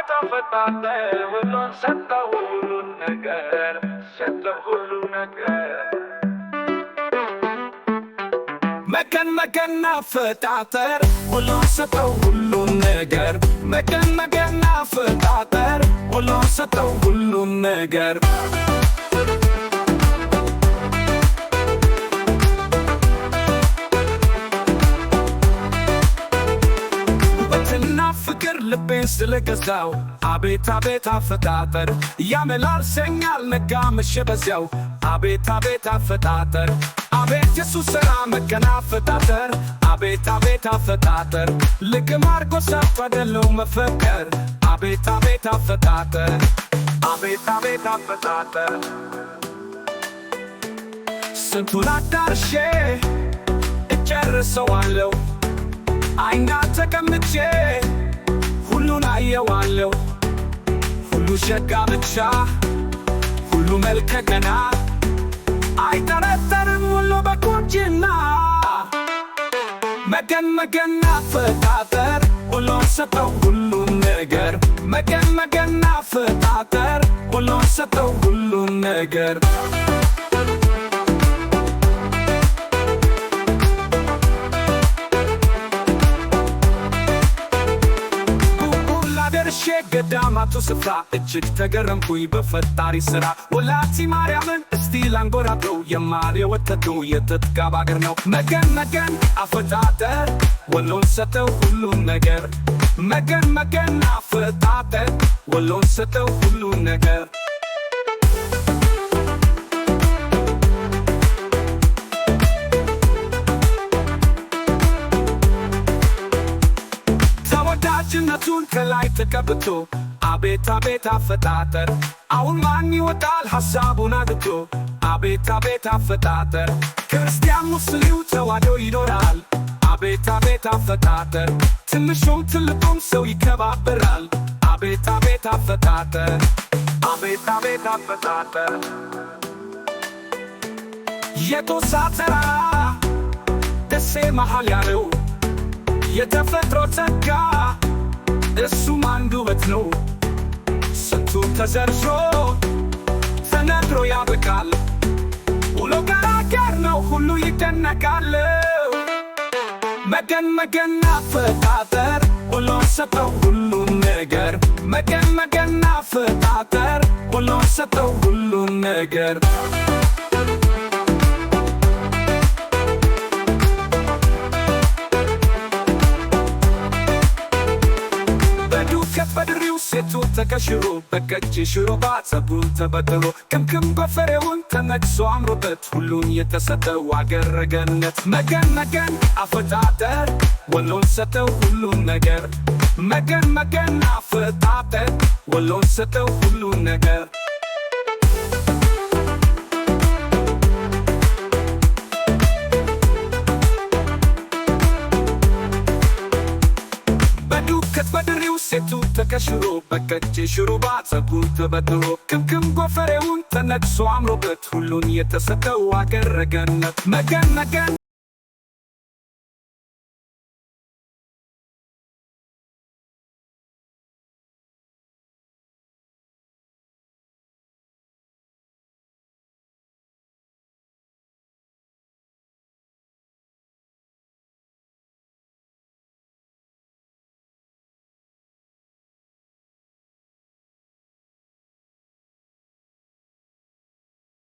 متفتعتال ولون شتى وكل النجار شتى وكل النجار مكان مكان فتعتار ولون شتى وكل النجار مكان مكان فتعتار ولون شتى وكل النجار ስለገዛው አቤት አቤት አፈጣጠር ያመላልሰኛል ነጋ መሸ በዚያው አቤት አቤት አፈጣጠር አቤት የሱ ሥራ መቀና አፈጣጠር አቤት አቤት አፈጣጠር ልቅም አርጎ ሳፋደለው መፈቀር አቤት አቤት አፈጣጠር አቤት አቤት አፈጣጠር ስንቱን አዳርሼ እጨርሰዋለሁ አይና ተቀምጬ አየዋለሁ ሁሉ ሸጋ ብቻ ሁሉ መልከ ገና አይጠረጠርም ሁሉ በቁንጅና መገን መገን አፈጣጠር ሁሉን ሰጠው ሁሉን ነገር መገን መገን አፈጣጠር ሁሉን ሰጠው ሁሉን ነገር ገዳማቱ ስፍራ እጅግ ተገረምኩኝ በፈጣሪ ስራ። ወላቲ ማርያምን እስቲ ላንጎራብረው የማር የወተቱ የትጥጋብ አገር ነው። መገን መገን አፈጣጠር ወሎን ሰጠው ሁሉን ነገር መገን መገን አፈጣጠር ወሎን ሰጠው ሁሉን ነገር እጁን ከላይ ተቀብቶ አቤት አቤት አፈጣጠር አሁን ማን ይወጣል ሐሳቡን አግቶ አቤት አቤት አፈጣጠር ክርስቲያን ሙስሊው ተዋዶ ይኖራል አቤት አቤት አፈጣጠር ትንሹም ትልቁም ሰው ይከባበራል አቤት አቤት አፈጣጠር አቤት አቤት አፈጣጠር የጦሳ ተራ ደሴ መሃል ያለው የተፈጥሮ ጸጋ እሱም አንድ ውበት ነው። ስንቱ ተዘርዝሮ ተነግሮ ያበቃል። ውሎ ገራገር ነው፣ ሁሉ ይደነቃል። መገን መገን አፈጣጠር ሁሉ ሰጠው ሁሉን ነገር መገን መገን አፈጣጠር ሁሉ ሰጠው ሁሉን ነገር ሽሮ በቀጭ ሽሮ በአጸቡ ተበድሮ ክምክም በፍሬውን ተነግሶ አምሮበት ሁሉን የተሰጠው አገር መገን መገን አፈጣጠር ወሎን ሰጠው ሁሉን ነገር መገን መገን አፈጣጠር ወሎን ሰጠው ሁሉን ነገር በዱከት በድሪው ካሴቱ ተከሽሮ በቀጭ ሽሩባ ጸጉር ተበድሮ ክምክም ጎፈሬውን ተነቅሶ አምሮበት ሁሉን የተሰጠው አገር መገን መገን